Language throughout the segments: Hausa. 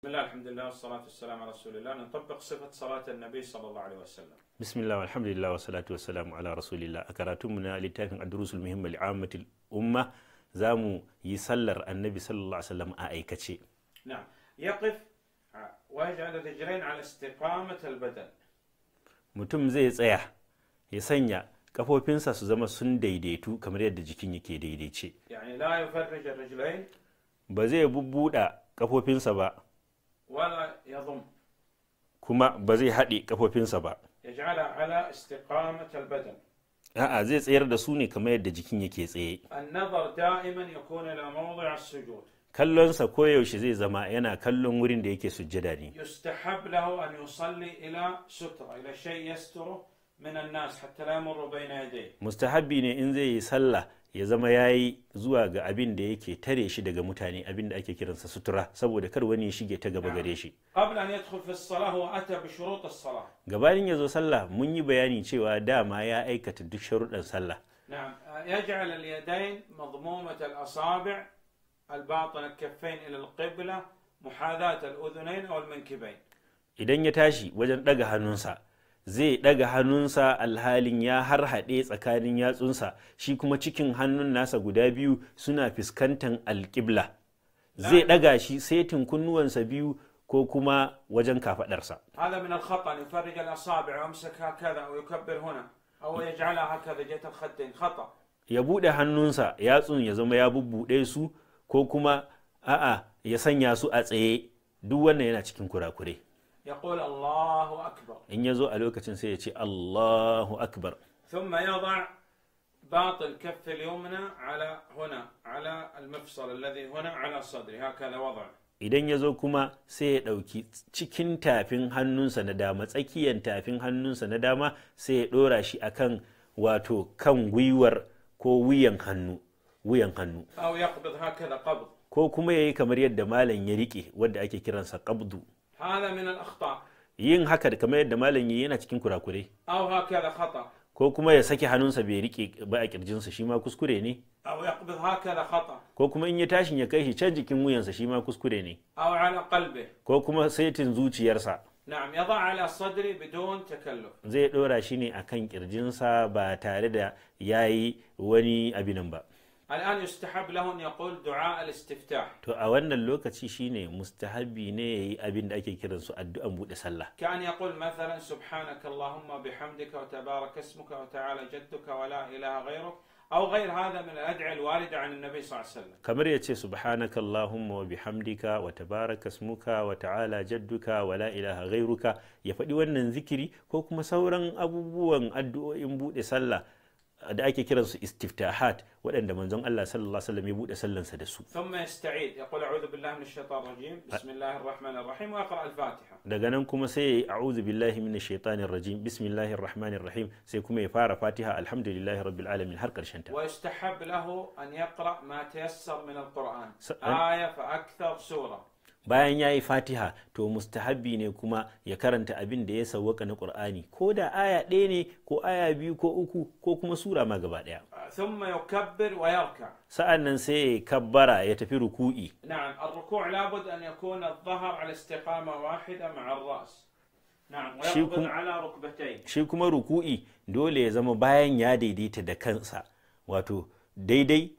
بسم الله الحمد لله والصلاة والسلام على رسول الله نطبق صفة صلاة النبي صلى الله عليه وسلم بسم الله والحمد لله والصلاة والسلام على رسول الله أكراتمنا لتافن الدروس المهمة لعامة الأمة زامو يسلر النبي صلى الله عليه وسلم آئكتشي نعم يقف ويجعل الرجلين على استقامة البدن متم زي تسيا يسنيا kafofinsa su zama sun daidaitu kamar yadda jikin yake daidaice. Yani la yufarrij ar-rajlayn ba zai bubbuda kafofinsa ba. wala yadhum kuma ba zai haɗe kafofinsa ba yaj'ala ala istiqamati albadan a'a zai tsayar da su ne kamar yadda jikin yake tsaye an-nazar ya kona ila mawdi' as-sujud kallonsa koyaushe zai zama yana kallon wurin da yake sujjada ne yustahab lahu an yusalli ila sutra ila shay yasturu minan nas hatta la yamurru bayna yadayhi mustahabbi ne in zai yi sallah ya zama ya yi zuwa ga abin da yake tare shi daga mutane abin da ake kiransa sutura saboda kar wani ya shige ta gaba gare shi gabanin ya zo sallah mun yi bayani cewa dama ya aikata duk sharuɗan sallah يجعل اليدين مضمومة الأصابع الباطنة الكفين إلى القبلة محاذاة الأذنين أو المنكبين ya tashi wajen daga hannunsa. zai ɗaga hannunsa alhalin ya harhaɗe tsakanin yatsunsa shi kuma cikin hannun nasa guda biyu suna fuskantar alƙibla zai ɗaga shi setin kunnuwansa biyu ko kuma wajen kafaɗarsa. ya buɗe hannunsa yatsun ya zama ya bubbuɗe su ko kuma a'a ya sanya su a tsaye duk wannan yana cikin kurakure. يقول الله أكبر إن يزو ألوك تنسي الله أكبر ثم يضع باطل كف اليمنى على هنا على المفصل الذي هنا على صدري هكذا وضعه idan ya zo kuma sai ya ɗauki cikin tafin hannunsa na dama tsakiyar tafin hannunsa na dama sai ya ɗora shi akan wato kan gwiwar ko wuyan hannu wuyan hannu ko kuma ya yi kamar yadda malam ya riƙe wadda ake kiransa qabdu hada min al yin haka da kamar yadda malam yi yana cikin kurakurai aw haka khata ko kuma ya saki hannunsa bai rike ba a kirjinsa shi ma kuskure ne aw yaqbid haka khata ko kuma in ya tashin ya kai shi can jikin wuyansa shi ma kuskure ne aw ala qalbi ko kuma saitin zuciyarsa na'am yada ala sadri bidon takalluf zai dora shi ne akan kirjinsa ba tare da yayi wani abinan ba الآن يستحب له أن يقول دعاء الاستفتاح. To a wannan lokaci shine mustahabi ne yayi abin da ake kiran su addu'an buɗe sallah. Kan yaqul mathalan subhanaka allahumma bihamdika wa tabarak ismuka wa ta'ala jadduka wa la ilaha ghayruk أو غير هذا من الأدعية الواردة عن النبي صلى الله عليه وسلم. كما يتي سبحانك اللهم وبحمدك وتبارك اسمك وتعالى جدك ولا إله غيرك يفدي wannan zikiri ko kuma sauran abubuwan addu'o'in buɗe sallah da ake kiransu istiftahat waɗanda manzon Allah sallallahu alaihi wasallam ya bude sallansa da su thumma yasta'id yaqul a'udhu billahi minash shaitanir rajim bismillahir rahmanir rahim wa yaqra al-fatiha daga nan kuma sai ya a'udhu billahi minash shaitanir rajim bismillahir rahmanir rahim sai kuma ya fara fatiha alhamdulillahi rabbil alamin har karshen ta wa yastahab lahu an yaqra ma tayassar min al-quran aya fa akthar sura bayan ya yi fatiha to mustahabbi ne kuma ya karanta abin da ya sauwaka na kur'ani ko da aya ɗaya ne ko aya biyu ko uku ko kuma sura ma gaba ɗaya ثم يكبر sai ya kabbara ya tafi ركوعي Shi kuma ruku'i dole ya zama bayan ya daidaita da kansa, wato daidai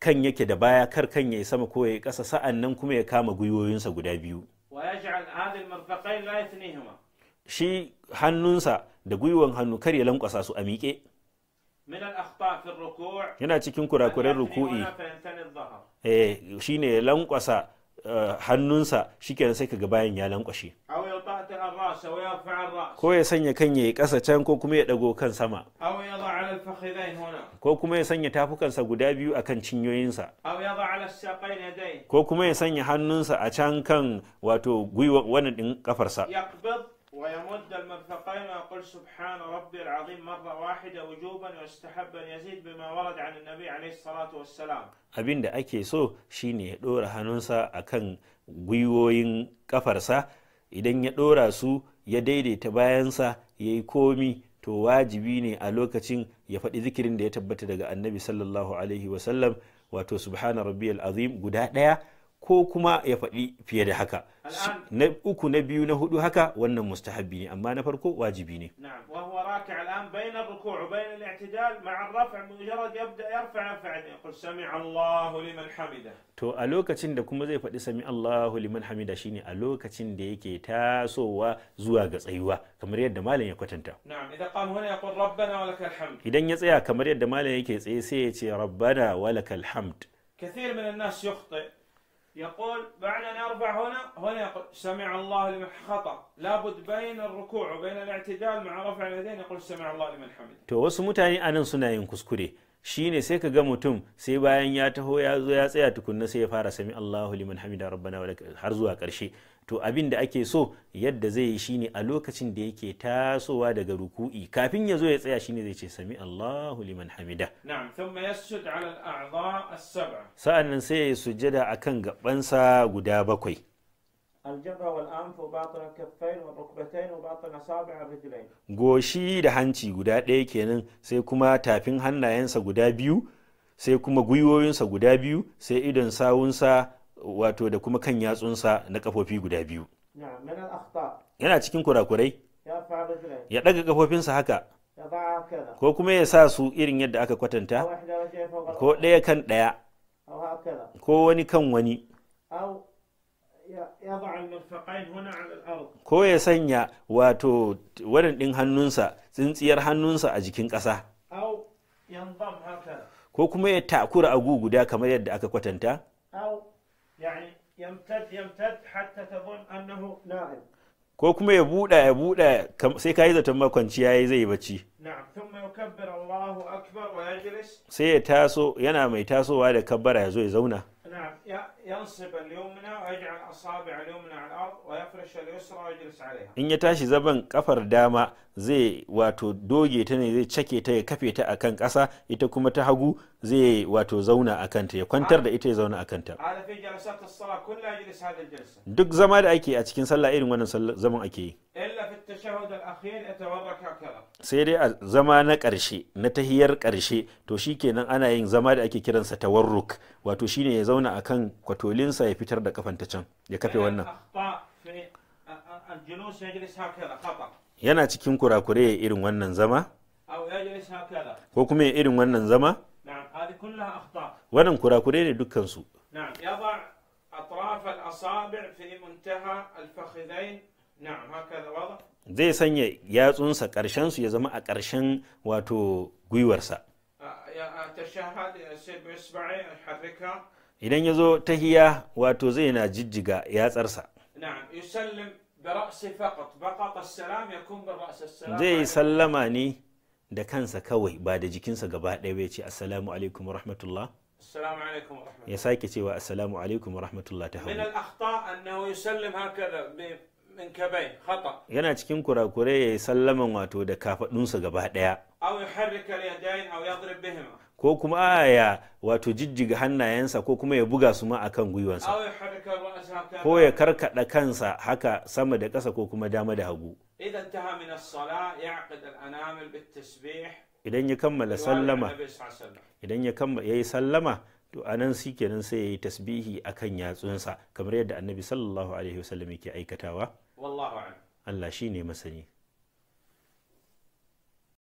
kan yake da baya kar kan ya sama ko ya ƙasa sa'an nan kuma ya kama gwiwoyinsa guda biyu shi hannunsa da gwiwon hannu kar ya lankwasa su a miƙe yana cikin kurakuren ruku'i eh ne ya lankwasa eh, hannunsa shikenan sai ka ga bayan ya lankwashe ko ya sanya kan ya yi ƙasa can ko kuma ya ɗago kan sama ko kuma ya sanya tafukansa guda biyu a kan cinyoyinsa ko kuma ya sanya hannunsa a can kan wato gwiwa wani ɗin ƙafarsa ويمد abin da ake so shine ya ɗora hannunsa akan gwiwoyin ƙafarsa idan ya ɗora su ya daidaita bayansa ya yi komi to wajibi ne a lokacin ya faɗi zikirin da ya tabbata daga annabi sallallahu alaihi wasallam wato subhana rabbiyal azim guda ɗaya ko kuma ya faɗi fiye da haka na uku na biyu na hudu haka wannan mustahabbi ne amma na farko wajibi ne to a lokacin da kuma zai faɗi sami Allahu liman hamida shine a lokacin da yake tasowa zuwa ga tsayuwa kamar yadda malam ya kwatanta idan ya tsaya kamar yadda malam yake tsaye sai ya ce rabbana walakal hamd كثير من الناس يخطئ يقول بعد أن يرفع هنا هنا يقول سمع الله لمن خطأ لابد بين الركوع وبين الاعتدال مع رفع اليدين يقول سمع الله لمن حمده to wasu mutane anan suna yin kuskure shine sai ka ga mutum sai bayan ya taho ya zo ya tsaya tukunna sai ya fara sami Allahu liman hamida rabbana wa har zuwa karshe to abin da ake so yadda zai yi shine a lokacin da yake tasowa daga ruku'i kafin ya zo ya tsaya shine zai ce sami Allahu liman hamida na'am thumma yasjud 'ala al-a'dha as-sab'a sa'annan sai ya sujjada akan gabansa guda bakwai الجبهة والأنف وباطن الكفين والركبتين وباطن أصابع rijlayn goshi da hanci guda ɗaya kenan sai kuma tafin hannayensa guda biyu sai kuma gwiwoyinsa guda biyu sai idon sawunsa wato da kuma kan yatsunsa na kafofi guda biyu yana cikin kurakurai ya ɗaga kafofinsa haka ko kuma ya sa su irin yadda aka kwatanta ko ɗaya kan ɗaya ko wani kan wani ko ya sanya wato wadan ɗin hannunsa tsintsiyar hannunsa a jikin ƙasa ko kuma ya takura agu guda kamar yadda aka kwatanta يعني يمتد يمتد حتى تظن أنه نائم ko kuma ya buɗa ya buɗa sai ka yi zaton makwanci ya yi zai yi bacci sai ya taso yana mai tasowa da kabbara ya zo ya zauna in ya tashi أصابع kafar dama zai wato doge ta ne zai cake ta ya kafe ta akan kasa ita kuma ta hagu zai wato zauna a kanta ya kwantar da ita ya zauna a kanta duk zama da ake a cikin sallah irin wannan zaman ake yi sai dai a zama na ƙarshe na tahiyar ƙarshe to shi kenan ana yin zama da ake kiransa tawarruk wato shine ya zauna a kan kwatolinsa ya fitar da kafanta can ya kafe wannan yana cikin kurakure ya irin wannan zama ko kuma ya irin wannan zama wannan kurakure ne dukkansu ya ba al zai sanya yatsunsa ƙarshen su ya zama a ƙarshen wato gwiwarsa idan ya zo tahiya wato zai na jijjiga yatsarsa zai sallama ne da kansa kawai ba da jikinsa gaba ɗaya bai ce assalamu alaikum rahmatullah ya sake cewa assalamu alaikum rahmatullah ta hau yana cikin kurakure ya yi sallaman wato da kafadunsa gaba daya ko kuma aya wato jijjiga hannayensa ko kuma ya buga su ma akan gwiwansa ko ya karkada kansa haka sama da ƙasa ko kuma dama da hagu idan ya kammala sallama idan ya yayi sallama to anan sike nan sai yayi tasbihi akan yatsunsa kamar yadda annabi sallallahu alaihi wasallam yake aikatawa والله اعلم الله شيني مسني